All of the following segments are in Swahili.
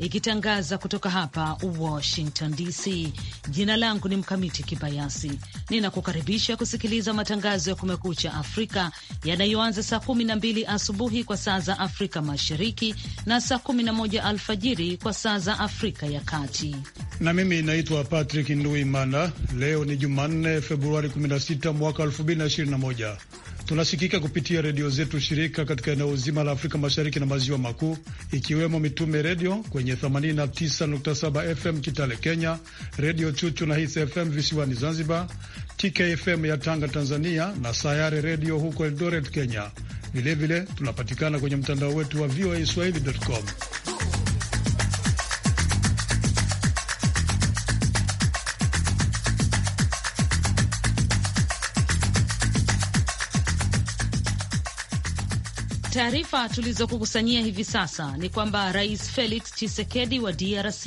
ikitangaza kutoka hapa Washington DC. Jina langu ni Mkamiti Kibayasi, ninakukaribisha kusikiliza matangazo ya Kumekucha Afrika yanayoanza saa mbili asubuhi kwa saa za Afrika Mashariki na saa moja alfajiri kwa saa za Afrika ya Kati. Na mimi naitwa Patrick Nduimana. Leo ni Jumanne, Februari 16 mwaka 2021. Tunasikika kupitia redio zetu shirika katika eneo zima la Afrika Mashariki na Maziwa Makuu, ikiwemo Mitume Redio kwenye 89.7 FM Kitale Kenya, Redio Chuchu na Hits FM visiwani Zanzibar, TKFM ya Tanga Tanzania, na Sayare Redio huko Eldoret Kenya. Vilevile tunapatikana kwenye mtandao wetu wa VOA swahili.com. Taarifa tulizokukusanyia hivi sasa ni kwamba Rais Felix chisekedi wa DRC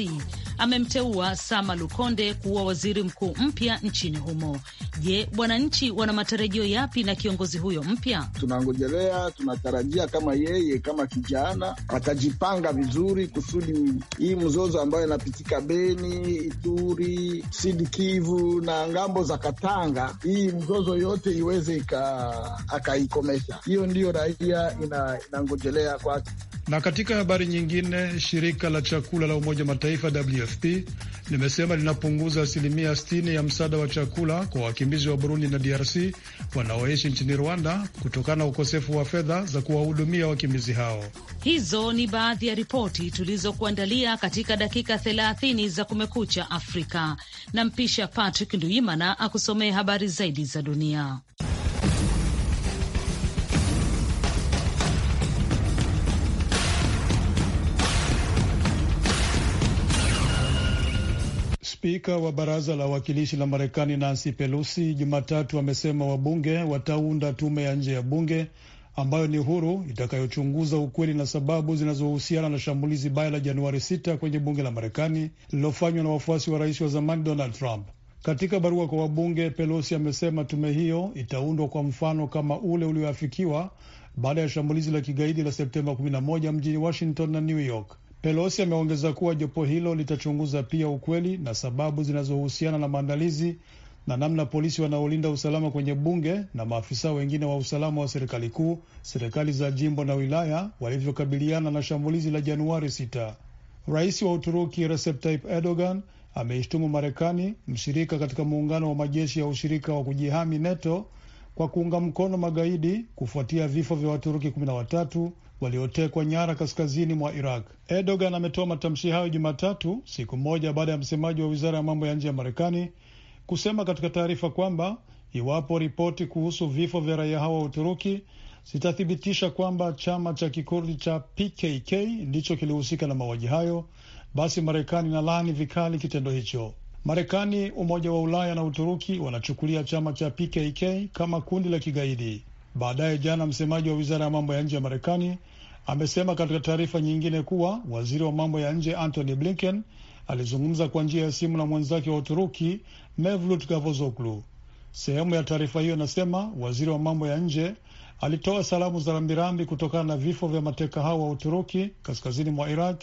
amemteua Sama Lukonde kuwa waziri mkuu mpya nchini humo. Je, wananchi wana matarajio yapi na kiongozi huyo mpya? Tunangojelea, tunatarajia kama yeye kama kijana atajipanga vizuri kusudi hii mzozo ambayo inapitika Beni, Ituri, Sidikivu Kivu na ngambo za Katanga, hii mzozo yote iweze akaikomesha. Hiyo ndiyo raia inangojelea ina kwake. Na katika habari nyingine, shirika la chakula la Umoja Mataifa WFP limesema linapunguza asilimia 60 ya msaada wa chakula kwa wakimbizi wa Burundi na DRC wanaoishi nchini Rwanda kutokana na ukosefu wa fedha za kuwahudumia wakimbizi hao. Hizo ni baadhi ya ripoti tulizokuandalia katika dakika 30 za Kumekucha Afrika. Nampisha Patrick Nduimana akusomee habari zaidi za dunia. Spika wa baraza la wawakilishi la Marekani Nancy Pelosi Jumatatu amesema wabunge wataunda tume ya nje ya bunge ambayo ni huru itakayochunguza ukweli na sababu zinazohusiana na shambulizi baya la Januari 6 kwenye bunge la Marekani lililofanywa na wafuasi wa rais wa zamani Donald Trump. Katika barua kwa wabunge, Pelosi amesema tume hiyo itaundwa kwa mfano kama ule ulioafikiwa baada ya shambulizi la kigaidi la Septemba 11 mjini Washington na New York. Pelosi ameongeza kuwa jopo hilo litachunguza pia ukweli na sababu zinazohusiana na maandalizi na namna polisi wanaolinda usalama kwenye bunge na maafisa wengine wa usalama wa serikali kuu, serikali za jimbo na wilaya walivyokabiliana na shambulizi la Januari 6. Rais wa Uturuki Recep Tayyip Erdogan ameishtumu Marekani, mshirika katika muungano wa majeshi ya ushirika wa kujihami NATO, kwa kuunga mkono magaidi kufuatia vifo vya Waturuki 13 waliotekwa nyara kaskazini mwa Iraq. Erdogan ametoa matamshi hayo Jumatatu, siku moja baada ya msemaji wa wizara ya mambo ya nje ya Marekani kusema katika taarifa kwamba iwapo ripoti kuhusu vifo vya raia hao wa Uturuki zitathibitisha kwamba chama cha kikurdi cha PKK ndicho kilihusika na mauaji hayo, basi Marekani na laani vikali kitendo hicho. Marekani, Umoja wa Ulaya na Uturuki wanachukulia chama cha PKK kama kundi la kigaidi. Baadaye jana, msemaji wa wizara ya mambo ya nje ya Marekani amesema katika taarifa nyingine kuwa waziri wa mambo ya nje Antony Blinken alizungumza kwa njia ya simu na mwenzake wa Uturuki Mevlut Cavusoglu. Sehemu ya taarifa hiyo inasema waziri wa mambo ya nje alitoa salamu za rambirambi kutokana na vifo vya mateka hao wa Uturuki kaskazini mwa Iraq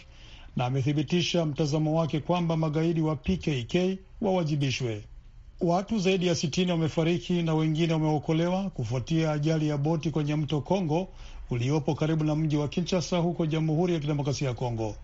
na amethibitisha mtazamo wake kwamba magaidi wa PKK wawajibishwe. Watu zaidi ya sitini wamefariki na wengine wameokolewa kufuatia ajali ya boti kwenye mto Kongo uliopo karibu na mji wa Kinshasa huko Jamhuri ya Kidemokrasia ya Kongo.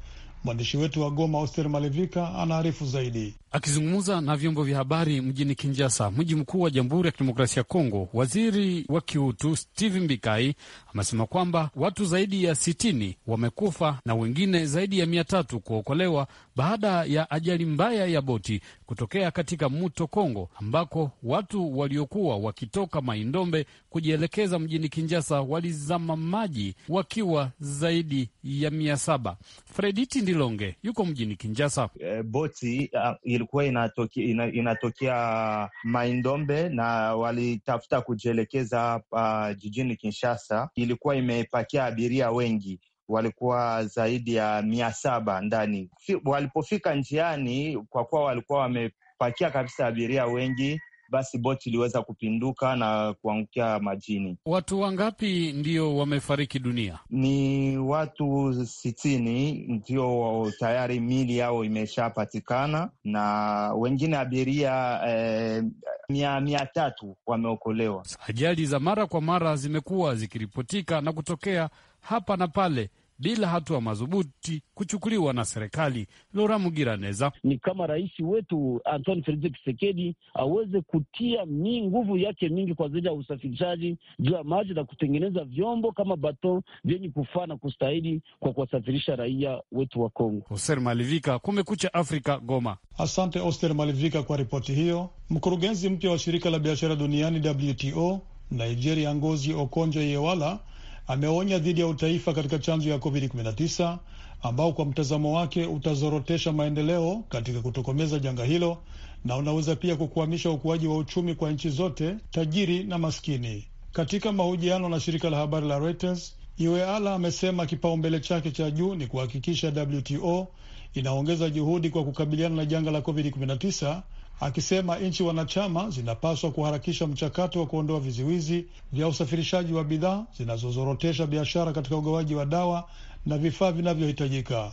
Mwandishi wetu wa Goma, Oster Malevika, anaarifu zaidi. Akizungumza na vyombo vya habari mjini kinjasa mji mkuu wa Jamhuri ya Kidemokrasia ya Kongo, waziri wa kiutu stehen Bikai amesema kwamba watu zaidi ya sitini wamekufa na wengine zaidi ya mia tatu kuokolewa baada ya ajali mbaya ya boti kutokea katika mto Kongo, ambako watu waliokuwa wakitoka Maindombe kujielekeza mjini kinjasa walizama maji wakiwa zaidi ya mia saba. Frediti Ndilonge yuko mjini kinjasa E, eh, boti uh, ilikuwa inatoke, ina, inatokea Maindombe na walitafuta kujielekeza hapa uh, jijini Kinshasa. Ilikuwa imepakia abiria wengi walikuwa zaidi ya mia saba ndani. Walipofika njiani, kwa kuwa walikuwa wamepakia kabisa abiria wengi, basi boti iliweza kupinduka na kuangukia majini. Watu wangapi ndio wamefariki dunia? Ni watu sitini ndio tayari mili yao imeshapatikana na wengine abiria eh, mia, mia tatu wameokolewa. Ajali za mara kwa mara zimekuwa zikiripotika na kutokea hapa na pale bila hatua madhubuti kuchukuliwa na serikali. Lora Mugiraneza: ni kama rais wetu Antoni Felix kisekedi aweze kutia nguvu yake mingi kwa zaidi ya usafirishaji juu ya maji na kutengeneza vyombo kama bato vyenye kufaa na kustahili kwa kuwasafirisha raia wetu wa Kongo. Oster Malivika, Kumekucha Afrika, Goma. Asante Oster Malivika kwa ripoti hiyo. Mkurugenzi mpya wa shirika la biashara duniani WTO Nigeria Ngozi Okonjo Iweala ameonya dhidi ya utaifa katika chanjo ya COVID-19 ambao kwa mtazamo wake utazorotesha maendeleo katika kutokomeza janga hilo na unaweza pia kukwamisha ukuaji wa uchumi kwa nchi zote tajiri na maskini. Katika mahojiano na shirika la habari la Reuters, Iweala amesema kipaumbele chake cha juu ni kuhakikisha WTO inaongeza juhudi kwa kukabiliana na janga la COVID-19 akisema nchi wanachama zinapaswa kuharakisha mchakato wa kuondoa viziwizi vya usafirishaji wa bidhaa zinazozorotesha biashara katika ugawaji wa dawa na vifaa vinavyohitajika.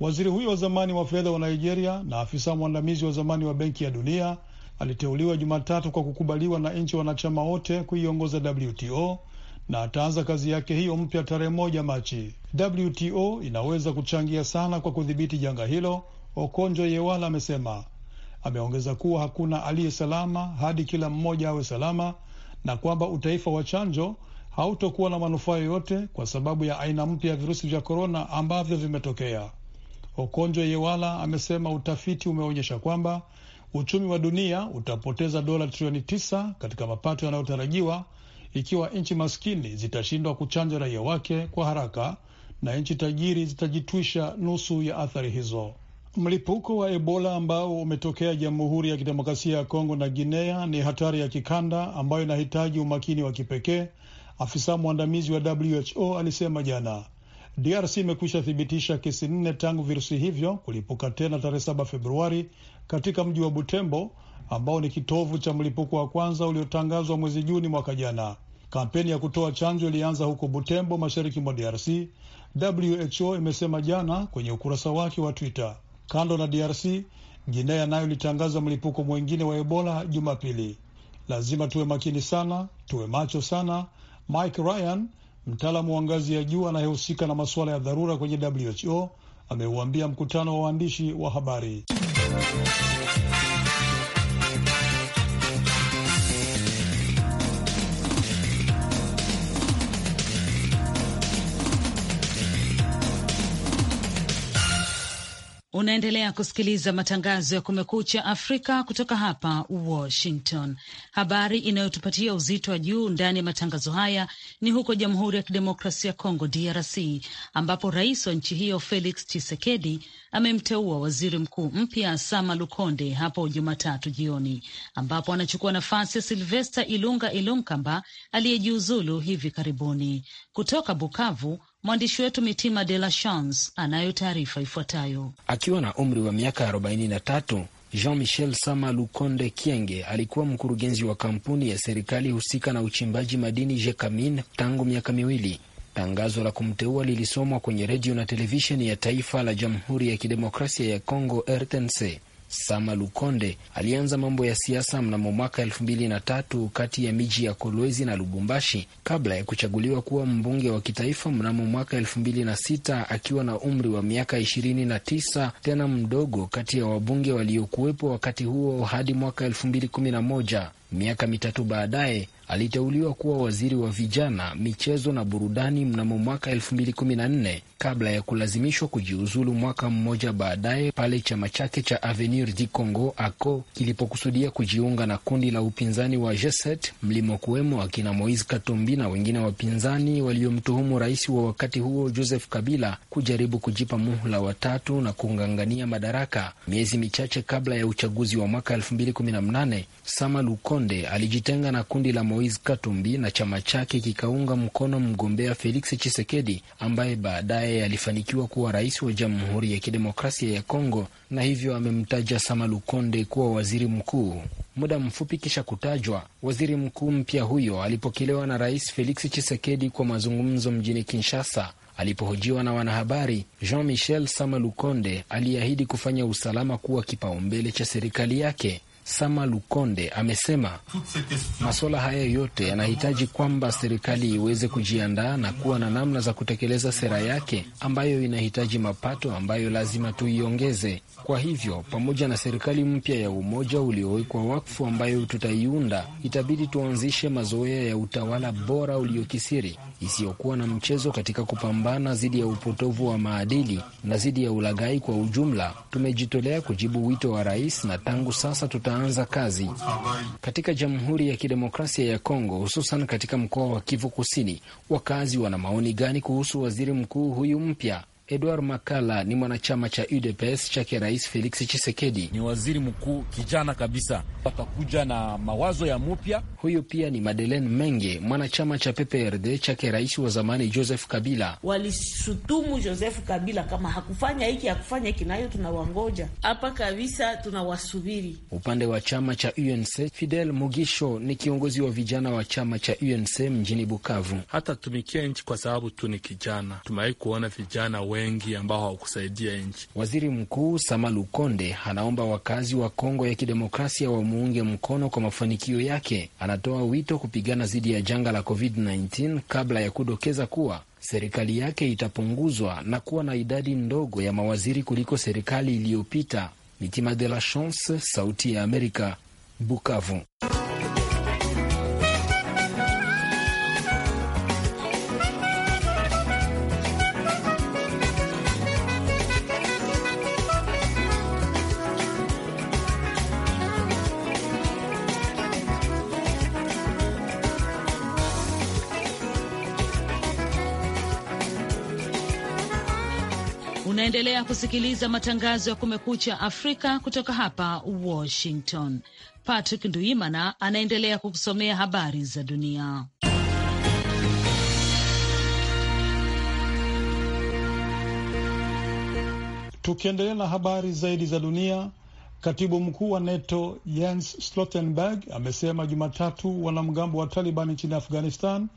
Waziri huyo wa zamani wa fedha wa Nigeria na afisa mwandamizi wa zamani wa Benki ya Dunia aliteuliwa Jumatatu kwa kukubaliwa na nchi wanachama wote kuiongoza WTO na ataanza kazi yake hiyo mpya tarehe moja Machi. WTO inaweza kuchangia sana kwa kudhibiti janga hilo, Okonjo Yewala amesema. Ameongeza kuwa hakuna aliye salama hadi kila mmoja awe salama na kwamba utaifa wa chanjo hautokuwa na manufaa yoyote kwa sababu ya aina mpya ya virusi vya korona ambavyo vimetokea. Okonjo Yewala amesema utafiti umeonyesha kwamba uchumi wa dunia utapoteza dola trilioni tisa katika mapato yanayotarajiwa ikiwa nchi maskini zitashindwa kuchanja raia wake kwa haraka na nchi tajiri zitajitwisha nusu ya athari hizo. Mlipuko wa Ebola ambao umetokea Jamhuri ya Kidemokrasia ya Kongo na Guinea ni hatari ya kikanda ambayo inahitaji umakini wa kipekee, afisa mwandamizi wa WHO alisema jana. DRC imekwisha thibitisha kesi nne tangu virusi hivyo kulipuka tena tarehe 7 Februari katika mji wa Butembo ambao ni kitovu cha mlipuko wa kwanza uliotangazwa mwezi Juni mwaka jana. Kampeni ya kutoa chanjo ilianza huko Butembo, mashariki mwa DRC, WHO imesema jana kwenye ukurasa wake wa Twitter. Kando na DRC, Guinea nayo ilitangaza mlipuko mwingine wa Ebola Jumapili. Lazima tuwe makini sana, tuwe macho sana. Mike Ryan, mtaalamu wa ngazi ya juu anayehusika na masuala ya dharura kwenye WHO, ameuambia mkutano wa waandishi wa habari Unaendelea kusikiliza matangazo ya Kumekucha Afrika kutoka hapa Washington. Habari inayotupatia uzito wa juu ndani ya matangazo haya ni huko Jamhuri ya Kidemokrasia ya Kongo, DRC, ambapo rais wa nchi hiyo Felix Tshisekedi amemteua waziri mkuu mpya Sama Lukonde hapo Jumatatu jioni, ambapo anachukua nafasi ya Silvesta Ilunga Ilunkamba aliyejiuzulu hivi karibuni. Kutoka Bukavu, Mwandishi wetu Mitima De La Chance anayo taarifa ifuatayo. Akiwa na umri wa miaka 43 Jean Michel Sama Lukonde Kienge alikuwa mkurugenzi wa kampuni ya serikali husika na uchimbaji madini Jekamin tangu miaka miwili. Tangazo la kumteua lilisomwa kwenye redio na televisheni ya taifa la Jamhuri ya Kidemokrasia ya congo RTNC. Sama Lukonde alianza mambo ya siasa mnamo mwaka elfu mbili na tatu kati ya miji ya Kolwezi na Lubumbashi kabla ya kuchaguliwa kuwa mbunge wa kitaifa mnamo mwaka elfu mbili na sita akiwa na umri wa miaka ishirini na tisa tena mdogo kati ya wabunge waliokuwepo wakati huo hadi mwaka elfu mbili kumi na moja. Miaka mitatu baadaye aliteuliwa kuwa waziri wa vijana, michezo na burudani mnamo mwaka 2014 kabla ya kulazimishwa kujiuzulu mwaka mmoja baadaye pale chama chake cha Avenir du Congo ACO kilipokusudia kujiunga na kundi la upinzani wa Jeset mlimo mlimokuwemo akina Moise Katumbi na wengine wapinzani waliomtuhumu rais wa wakati huo Joseph Kabila kujaribu kujipa muhula watatu na kung'ang'ania madaraka. Miezi michache kabla ya uchaguzi wa mwaka 2018 Sama Konde alijitenga na kundi la Moise Katumbi na chama chake kikaunga mkono mgombea Felix chisekedi ambaye baadaye alifanikiwa kuwa rais wa Jamhuri ya Kidemokrasia ya Kongo na hivyo amemtaja Samalu Konde kuwa waziri mkuu. Muda mfupi kisha kutajwa, waziri mkuu mpya huyo alipokelewa na Rais Felix chisekedi kwa mazungumzo mjini Kinshasa. Alipohojiwa na wanahabari, Jean Michel samalukonde aliahidi kufanya usalama kuwa kipaumbele cha serikali yake. Sama Lukonde amesema masuala haya yote yanahitaji kwamba serikali iweze kujiandaa na kuwa na namna za kutekeleza sera yake ambayo inahitaji mapato ambayo lazima tuiongeze. Kwa hivyo, pamoja na serikali mpya ya umoja uliowekwa wakfu ambayo tutaiunda, itabidi tuanzishe mazoea ya utawala bora uliokisiri, isiyokuwa na mchezo katika kupambana dhidi ya upotovu wa maadili na dhidi ya ulaghai kwa ujumla. Tumejitolea kujibu wito wa rais na tangu sasa tuta wanaanza kazi katika Jamhuri ya Kidemokrasia ya Kongo, hususan katika mkoa wa Kivu Kusini. Wakazi wana maoni gani kuhusu waziri mkuu huyu mpya Edward Makala ni mwanachama cha UDPS chake Rais Felix Chisekedi. Ni waziri mkuu kijana kabisa, atakuja na mawazo ya mupya. Huyu pia ni Madeleine Menge, mwanachama cha PPRD chake rais wa zamani Joseph Kabila. Walishutumu Joseph Kabila kama hakufanya hiki, hakufanya hiki, nayo tunawangoja hapa kabisa, tunawasubiri. Upande wa chama cha UNC, Fidel Mugisho ni kiongozi wa vijana wa chama cha UNC mjini Bukavu. Hatatumikia nchi kwa sababu tu ni kijana, tumewahi kuona vijana we wengi ambao hawakusaidia nchi. Waziri Mkuu Sama Lukonde anaomba wakazi wa Kongo ya Kidemokrasia wamuunge mkono kwa mafanikio yake. Anatoa wito kupigana dhidi ya janga la COVID-19 kabla ya kudokeza kuwa serikali yake itapunguzwa na kuwa na idadi ndogo ya mawaziri kuliko serikali iliyopita. Mitima de la Chance, Sauti ya Amerika, Bukavu. Unaendelea kusikiliza matangazo ya Kumekucha Afrika kutoka hapa Washington. Patrick Nduimana anaendelea kukusomea habari za dunia. Tukiendelea na habari zaidi za dunia, katibu mkuu wa NATO Jens Stoltenberg amesema Jumatatu wanamgambo wa Taliban nchini Afghanistan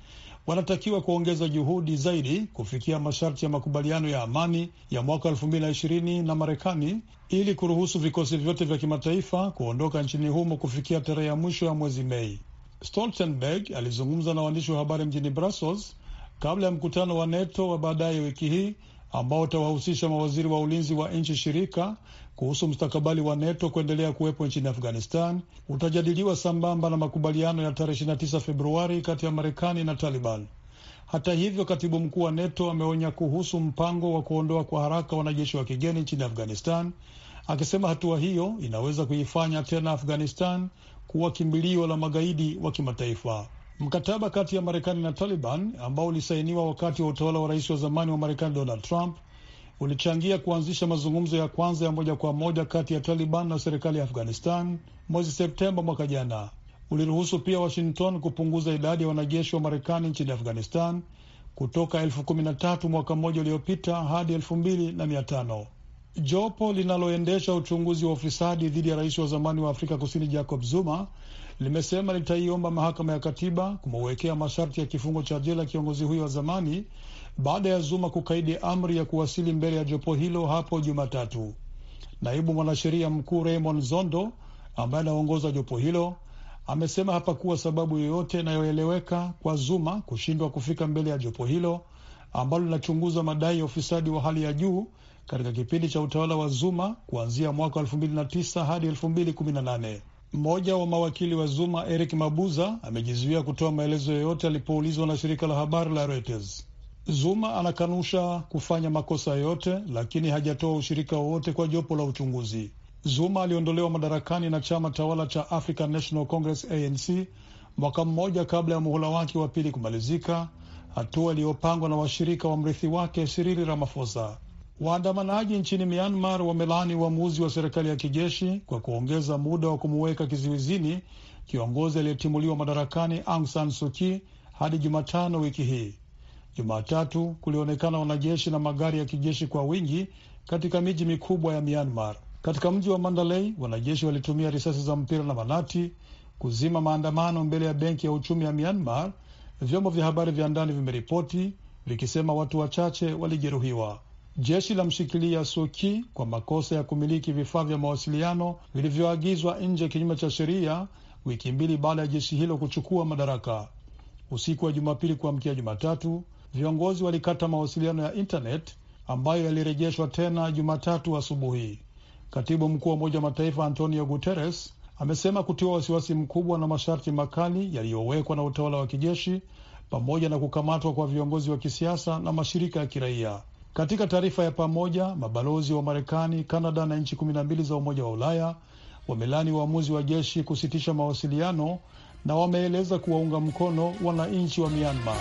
wanatakiwa kuongeza juhudi zaidi kufikia masharti ya makubaliano ya amani ya mwaka elfu mbili na ishirini na Marekani ili kuruhusu vikosi vyote vya kimataifa kuondoka nchini humo kufikia tarehe ya mwisho ya mwezi Mei. Stoltenberg alizungumza na waandishi wa habari mjini Brussels kabla ya mkutano wa NATO wa baadaye wiki hii ambao utawahusisha mawaziri wa ulinzi wa nchi shirika kuhusu mustakabali wa NATO kuendelea kuwepo nchini Afghanistan utajadiliwa sambamba na makubaliano ya tarehe 29 Februari kati ya Marekani na Taliban. Hata hivyo, katibu mkuu wa NATO ameonya kuhusu mpango wa kuondoa kwa haraka wanajeshi wa kigeni nchini Afghanistan, akisema hatua hiyo inaweza kuifanya tena Afghanistan kuwa kimbilio la magaidi wa kimataifa. Mkataba kati ya Marekani na Taliban ambao ulisainiwa wakati wa utawala wa rais wa zamani wa Marekani Donald Trump ulichangia kuanzisha mazungumzo ya kwanza ya moja kwa moja kati ya Taliban na serikali ya Afghanistan mwezi Septemba mwaka jana. Uliruhusu pia Washington kupunguza idadi ya wanajeshi wa Marekani nchini Afghanistan kutoka elfu kumi na tatu mwaka mmoja uliopita hadi elfu mbili na mia tano. Jopo linaloendesha uchunguzi wa ufisadi dhidi ya rais wa zamani wa Afrika Kusini Jacob Zuma limesema litaiomba mahakama ya katiba kumwekea masharti ya kifungo cha jela kiongozi huyo wa zamani baada ya Zuma kukaidi amri ya kuwasili mbele ya jopo hilo hapo Jumatatu. Naibu mwanasheria mkuu Raymond Zondo ambaye anaongoza jopo hilo amesema hapakuwa sababu yoyote inayoeleweka kwa Zuma kushindwa kufika mbele ya jopo hilo ambalo linachunguza madai ya ufisadi wa hali ya juu katika kipindi cha utawala wa Zuma kuanzia mwaka 2009 hadi 2018. Mmoja wa mawakili wa Zuma, Eric Mabuza, amejizuia kutoa maelezo yoyote alipoulizwa na shirika la habari la Reuters. Zuma anakanusha kufanya makosa yoyote, lakini hajatoa ushirika wowote kwa jopo la uchunguzi. Zuma aliondolewa madarakani na chama tawala cha African National Congress, ANC, mwaka mmoja kabla ya muhula wake wa pili kumalizika, hatua iliyopangwa na washirika wa mrithi wake Cyril Ramaphosa. Waandamanaji nchini Myanmar wamelaani uamuzi wa serikali ya kijeshi kwa kuongeza muda wa kumuweka kizuizini kiongozi aliyetimuliwa madarakani Aung San Suu Kyi hadi Jumatano wiki hii. Jumatatu kulionekana wanajeshi na magari ya kijeshi kwa wingi katika miji mikubwa ya Myanmar. Katika mji wa Mandalay, wanajeshi walitumia risasi za mpira na manati kuzima maandamano mbele ya benki ya uchumi ya Myanmar, vyombo vya habari vya ndani vimeripoti vikisema watu wachache walijeruhiwa. Jeshi la mshikilia Suki kwa makosa ya kumiliki vifaa vya mawasiliano vilivyoagizwa nje kinyume cha sheria, wiki mbili baada ya jeshi hilo kuchukua madaraka. Usiku wa Jumapili kuamkia Jumatatu, viongozi walikata mawasiliano ya intanet ambayo yalirejeshwa tena Jumatatu asubuhi. Katibu mkuu wa Umoja wa Mataifa Antonio Guterres amesema kutiwa wasiwasi mkubwa na masharti makali yaliyowekwa na utawala wa kijeshi pamoja na kukamatwa kwa viongozi wa kisiasa na mashirika ya kiraia. Katika taarifa ya pamoja, mabalozi wa Marekani, Kanada na nchi kumi na mbili za Umoja wa Ulaya wamelani uamuzi wa jeshi kusitisha mawasiliano na wameeleza kuwaunga mkono wananchi wa Myanmar.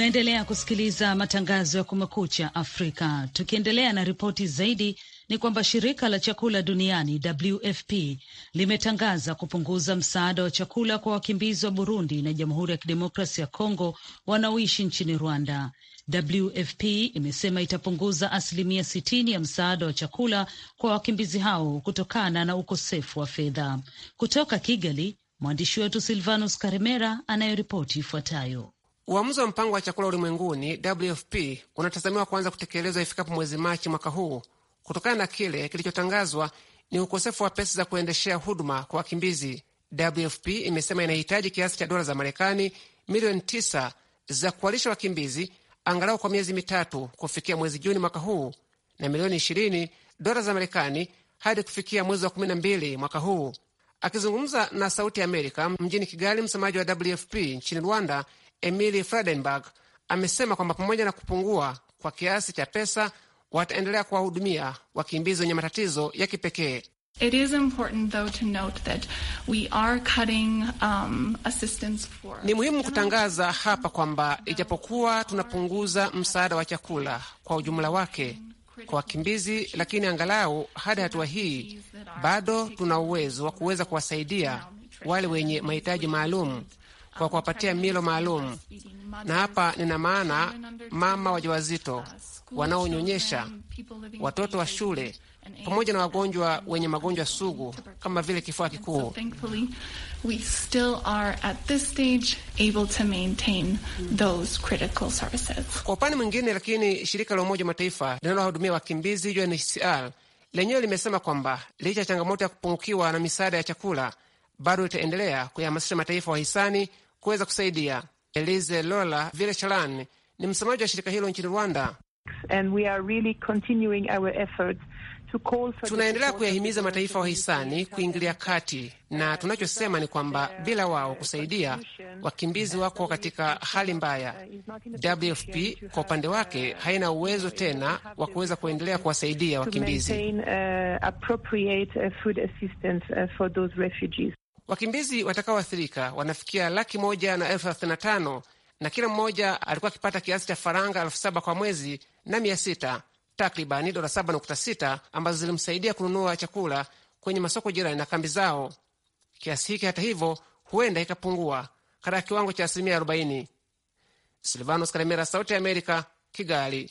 Unaendelea kusikiliza matangazo ya Kumekucha Afrika. Tukiendelea na ripoti zaidi, ni kwamba shirika la chakula duniani WFP limetangaza kupunguza msaada wa chakula kwa wakimbizi wa Burundi na Jamhuri ya Kidemokrasi ya Kongo wanaoishi nchini Rwanda. WFP imesema itapunguza asilimia 60 ya msaada wa chakula kwa wakimbizi hao kutokana na ukosefu wa fedha. Kutoka Kigali, mwandishi wetu Silvanus karimera anayeripoti ifuatayo. Uamuzi wa mpango wa chakula ulimwenguni WFP unatazamiwa kuanza kutekelezwa ifikapo mwezi Machi mwaka huu kutokana na kile kilichotangazwa ni ukosefu wa pesa za kuendeshea huduma kwa wakimbizi. WFP imesema inahitaji kiasi cha dola za Marekani milioni tisa za kuwalisha wakimbizi angalau kwa miezi mitatu kufikia mwezi Juni mwaka huu na milioni ishirini dola za Marekani hadi kufikia mwezi wa kumi na mbili mwaka huu. Akizungumza na Sauti ya Amerika mjini Kigali, msemaji wa WFP nchini Rwanda Emily Fredenberg amesema kwamba pamoja na kupungua kwa kiasi cha pesa, wataendelea kuwahudumia wakimbizi wenye matatizo ya kipekee. It is important though to note that we are cutting, um, assistance for... Ni muhimu kutangaza hapa kwamba ijapokuwa tunapunguza msaada wa chakula kwa ujumla wake kwa wakimbizi, lakini angalau hadi hatua hii bado tuna uwezo wa kuweza kuwasaidia wale wenye mahitaji maalum kwa kuwapatia milo maalum, na hapa nina maana mama wajawazito, wanaonyonyesha, watoto wa shule, pamoja na wagonjwa wenye magonjwa sugu kama vile kifua kikuu. Kwa upande mwingine, lakini shirika la Umoja wa Mataifa linalohudumia wakimbizi UNHCR lenyewe limesema kwamba licha ya changamoto ya kupungukiwa na misaada ya chakula bado itaendelea kuyahamasisha mataifa wahisani kuweza kusaidia. Elize Lola Vile Shalan ni msemaji wa shirika hilo nchini Rwanda. Really tunaendelea kuyahimiza mataifa wahisani kuingilia kati, na tunachosema ni kwamba bila wao kusaidia, wakimbizi wako katika hali mbaya. Uh, WFP kwa upande wake uh, haina uwezo tena wa kuweza kuendelea kuwasaidia wakimbizi. Uh, Wakimbizi watakaoathirika wanafikia laki moja na elfu thelathini na tano na kila mmoja alikuwa akipata kiasi cha faranga elfu saba kwa mwezi na mia sita takribani dola saba nukta sita ambazo zilimsaidia kununua chakula kwenye masoko jirani na kambi zao. Kiasi hiki hata hivyo huenda ikapungua katika kiwango cha asilimia arobaini. Silvanos Kalemera, Sauti ya Amerika, Kigali.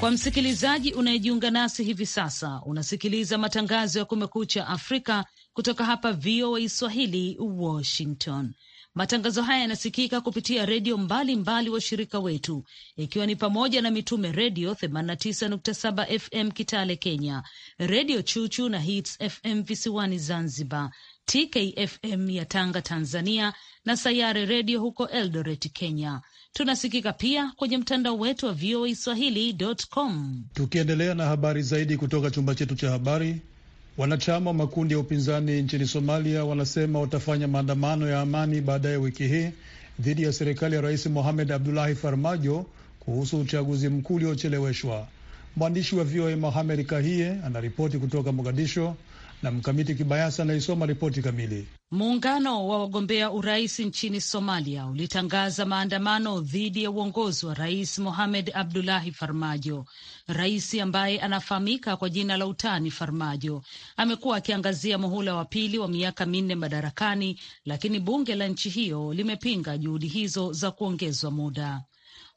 Kwa msikilizaji unayejiunga nasi hivi sasa, unasikiliza matangazo ya Kumekucha Afrika kutoka hapa VOA Swahili, Washington. Matangazo haya yanasikika kupitia redio mbalimbali washirika wetu, ikiwa ni pamoja na Mitume Redio 89.7 FM Kitale Kenya, Redio Chuchu na Hits FM visiwani Zanzibar, TKFM ya Tanga Tanzania, na Sayare Redio huko Eldoret Kenya. Tunasikika pia kwenye mtandao wetu wa VOA Swahili.com. Tukiendelea na habari zaidi kutoka chumba chetu cha habari, wanachama wa makundi ya upinzani nchini Somalia wanasema watafanya maandamano ya amani baadaye wiki hii dhidi ya serikali ya Rais Mohamed Abdullahi Farmajo kuhusu uchaguzi mkuu uliocheleweshwa. Mwandishi wa VOA Mohamed Kahie anaripoti kutoka Mogadisho na Mkamiti Kibayasi anaisoma ripoti kamili. Muungano wa wagombea urais nchini Somalia ulitangaza maandamano dhidi ya uongozi wa Rais Mohamed Abdullahi Farmajo. Rais ambaye anafahamika kwa jina la utani Farmajo amekuwa akiangazia muhula wa pili wa miaka minne madarakani, lakini bunge la nchi hiyo limepinga juhudi hizo za kuongezwa muda.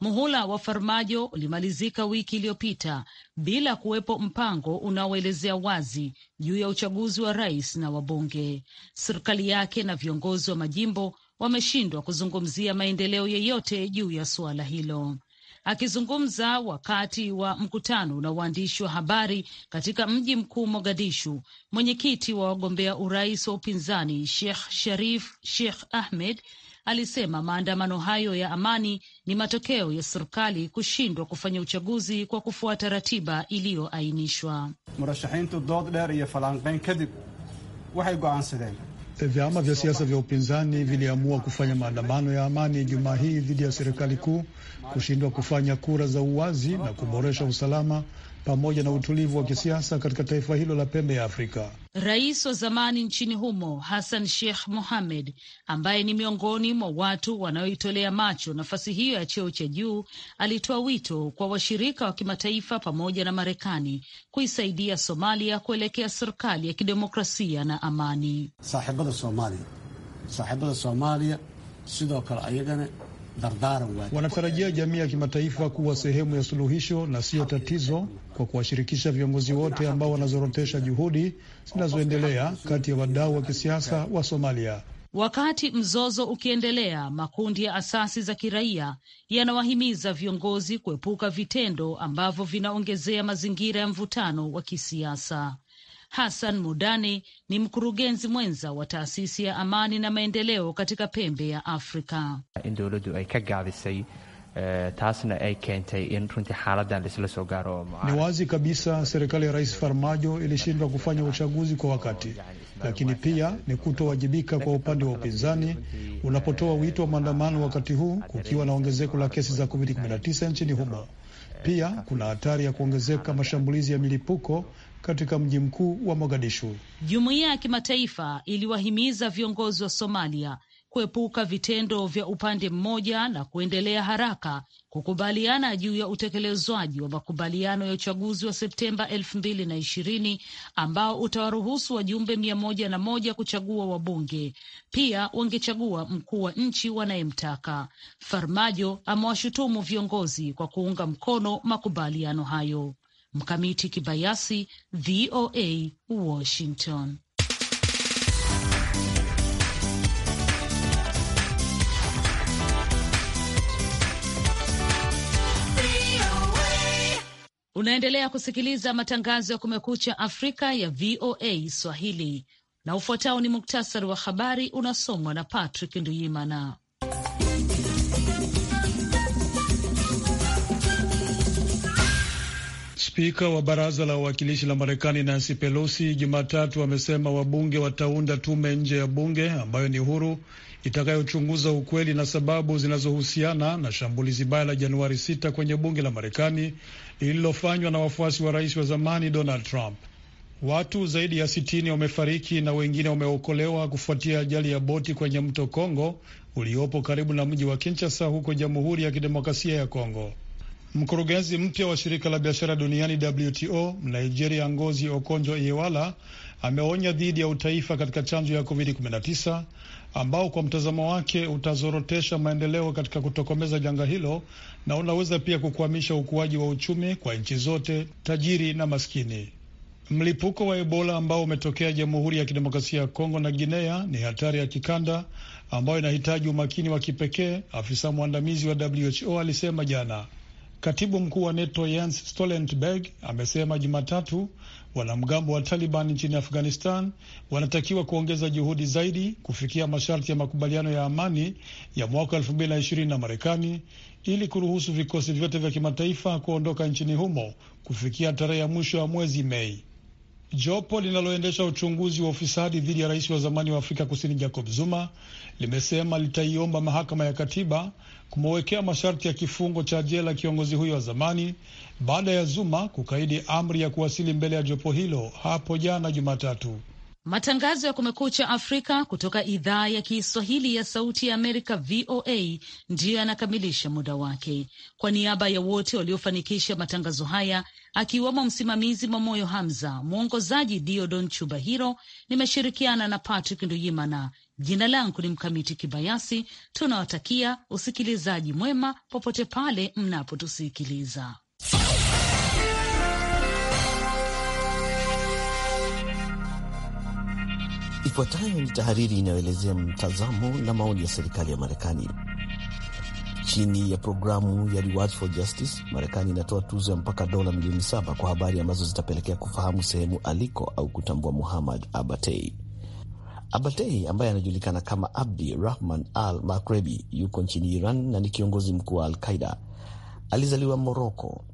Muhula wa Farmajo ulimalizika wiki iliyopita bila kuwepo mpango unaoelezea wazi juu ya uchaguzi wa rais na wabunge. Serikali yake na viongozi wa majimbo wameshindwa kuzungumzia maendeleo yeyote juu ya suala hilo. Akizungumza wakati wa mkutano na waandishi wa habari katika mji mkuu Mogadishu, mwenyekiti wa wagombea urais wa upinzani Sheikh Sharif Sheikh Ahmed alisema maandamano hayo ya amani ni matokeo ya serikali kushindwa kufanya uchaguzi kwa kufuata ratiba iliyoainishwa. dood dheer iyo falanqeyn kadib waxay go'aansadeen e, Vyama vya siasa vya upinzani viliamua kufanya maandamano ya amani Ijumaa hii dhidi ya serikali kuu kushindwa kufanya kura za uwazi na kuboresha usalama pamoja na utulivu wa kisiasa katika taifa hilo la pembe ya Afrika. Rais wa zamani nchini humo Hassan Sheikh Mohamed, ambaye ni miongoni mwa watu wanaoitolea macho nafasi hiyo ya cheo cha juu, alitoa wito kwa washirika wa kimataifa pamoja na Marekani kuisaidia Somalia kuelekea serikali ya kidemokrasia na amani. Saaxibada Somalia, saaxibada Somalia sidoo kale ayagana Wanatarajia jamii ya kimataifa kuwa sehemu ya suluhisho na siyo tatizo, kwa kuwashirikisha viongozi wote ambao wanazorotesha juhudi zinazoendelea kati ya wadau wa kisiasa wa Somalia. Wakati mzozo ukiendelea, makundi ya asasi za kiraia yanawahimiza viongozi kuepuka vitendo ambavyo vinaongezea mazingira ya mvutano wa kisiasa. Hassan Mudani ni mkurugenzi mwenza wa taasisi ya amani na maendeleo katika pembe ya Afrika. in dowladdu ay ka gaabisay eh, taasna ay keentay in runtii xaaladan laisla soo gaaro. Ni wazi kabisa serikali ya Rais Farmajo ilishindwa kufanya uchaguzi kwa wakati, lakini pia ni kutowajibika kwa upande wa upinzani unapotoa wito wa maandamano wakati huu kukiwa na ongezeko la kesi za COVID-19 nchini humo. Pia kuna hatari ya kuongezeka mashambulizi ya milipuko katika mji mkuu wa Mogadishu. Jumuiya ya kimataifa iliwahimiza viongozi wa Somalia kuepuka vitendo vya upande mmoja na kuendelea haraka kukubaliana juu ya utekelezwaji wa makubaliano ya uchaguzi wa Septemba elfu mbili na ishirini ambao utawaruhusu wajumbe mia moja na moja kuchagua wabunge. Pia wangechagua mkuu wa nchi wanayemtaka. Farmajo amewashutumu viongozi kwa kuunga mkono makubaliano hayo. Mkamiti Kibayasi, VOA Washington. Unaendelea kusikiliza matangazo ya Kumekucha Afrika ya VOA Swahili, na ufuatao ni muktasari wa habari unasomwa na Patrick Nduyimana. Spika wa baraza la wawakilishi la Marekani Nancy Pelosi Jumatatu amesema wabunge wataunda tume nje ya bunge ambayo ni huru itakayochunguza ukweli na sababu zinazohusiana na shambulizi baya la Januari 6 kwenye bunge la Marekani lililofanywa na wafuasi wa rais wa zamani Donald Trump. Watu zaidi ya sitini wamefariki na wengine wameokolewa kufuatia ajali ya boti kwenye mto Kongo uliopo karibu na mji wa Kinshasa huko Jamhuri ya Kidemokrasia ya Kongo. Mkurugenzi mpya wa shirika la biashara duniani WTO Nigeria Ngozi Okonjo Iweala ameonya dhidi ya utaifa katika chanjo ya COVID-19 ambao kwa mtazamo wake utazorotesha maendeleo katika kutokomeza janga hilo na unaweza pia kukwamisha ukuaji wa uchumi kwa nchi zote tajiri na maskini. Mlipuko wa Ebola ambao umetokea Jamhuri ya Kidemokrasia ya Kongo na Guinea ni hatari ya kikanda ambayo inahitaji umakini wa kipekee, afisa mwandamizi wa WHO alisema jana. Katibu mkuu wa NATO Jens Stoltenberg amesema Jumatatu wanamgambo wa Taliban nchini Afghanistan wanatakiwa kuongeza juhudi zaidi kufikia masharti ya makubaliano ya amani ya mwaka elfu mbili na ishirini na Marekani ili kuruhusu vikosi vyote vya kimataifa kuondoka nchini humo kufikia tarehe ya mwisho ya mwezi Mei. Jopo linaloendesha uchunguzi wa ufisadi dhidi ya rais wa zamani wa Afrika Kusini Jacob Zuma limesema litaiomba mahakama ya katiba kumwekea masharti ya kifungo cha jela kiongozi huyo wa zamani baada ya Zuma kukaidi amri ya kuwasili mbele ya jopo hilo hapo jana Jumatatu. Matangazo ya Kumekucha Afrika kutoka idhaa ya Kiswahili ya Sauti ya Amerika, VOA, ndiyo yanakamilisha muda wake. Kwa niaba ya wote waliofanikisha matangazo haya, akiwemo msimamizi Mwamoyo Hamza, mwongozaji Diodon Chubahiro, nimeshirikiana na Patrick Nduyimana. Jina langu ni Mkamiti Kibayasi. Tunawatakia usikilizaji mwema popote pale mnapotusikiliza. Ifuatayo ni tahariri inayoelezea mtazamo na maoni ya serikali ya Marekani. Chini ya programu ya Rewards for Justice, Marekani inatoa tuzo ya mpaka dola milioni saba kwa habari ambazo zitapelekea kufahamu sehemu aliko au kutambua Muhammad Abatei. Abatei ambaye anajulikana kama Abdi Rahman Al Makrebi yuko nchini Iran na ni kiongozi mkuu wa Al Qaida. Alizaliwa Moroko.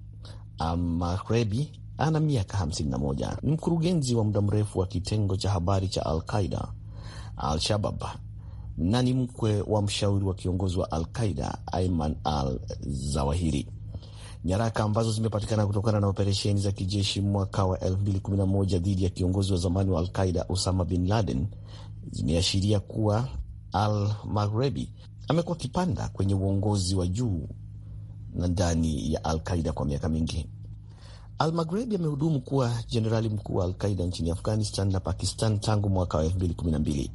Makrebi ana miaka 51, ni mkurugenzi wa muda mrefu wa kitengo cha habari cha Al-Qaida Al-Shabab na ni mkwe wa mshauri wa kiongozi wa Al-Qaida al-Zawahiri. Nyaraka ambazo zimepatikana kutokana na operesheni za kijeshi mwaka wa 2011 dhidi ya kiongozi wa zamani wa Al-Qaida Osama bin Laden zimeashiria kuwa al-Maghrebi amekuwa kipanda kwenye uongozi wa juu na ndani ya Al-Qaida kwa miaka mingi. Al-Maghrebi amehudumu kuwa jenerali mkuu wa alqaida nchini Afghanistan na Pakistan tangu mwaka wa mbili.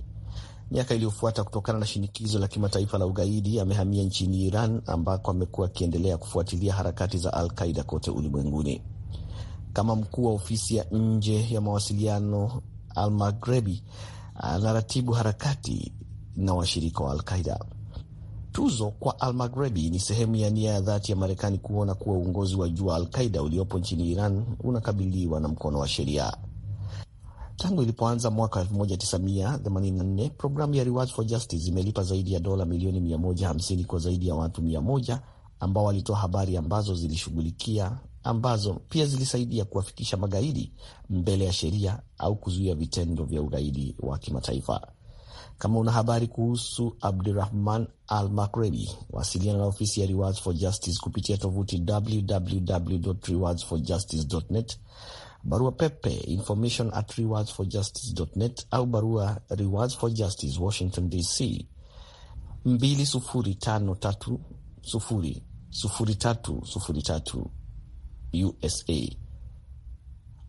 Miaka iliyofuata, kutokana na shinikizo la kimataifa la ugaidi, amehamia nchini Iran ambako amekuwa akiendelea kufuatilia harakati za Al-Qaida kote ulimwenguni. Kama mkuu wa ofisi ya nje ya mawasiliano, Al-Maghrebi anaratibu harakati na washirika wa Al-Qaida. Tuzo kwa Al Maghrebi ni sehemu ya nia ya dhati ya Marekani kuona kuwa uongozi wa juu wa qaida uliopo nchini Iran unakabiliwa na mkono wa sheria. Tangu ilipoanza mwaka 1984 programu ya Rewards for Justice imelipa zaidi ya dola milioni 150 kwa zaidi ya watu 100 ambao walitoa habari ambazo zilishughulikia, ambazo pia zilisaidia kuwafikisha magaidi mbele ya sheria au kuzuia vitendo vya ugaidi wa kimataifa. Kama una habari kuhusu abdurahman Al Makrebi, wasiliana na ofisi ya Rewards for Justice kupitia tovuti www rewards for justice net, barua pepe information at rewards for justice net au barua rewards for justice Washington DC 20530 USA.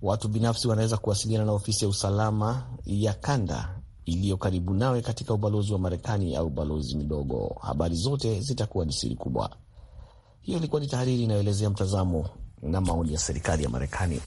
Watu binafsi wanaweza kuwasiliana na ofisi ya usalama ya kanda iliyo karibu nawe katika ubalozi wa Marekani au balozi mdogo. Habari zote zitakuwa ni siri kubwa. Hiyo ilikuwa ni tahariri inayoelezea mtazamo na maoni ya serikali ya Marekani.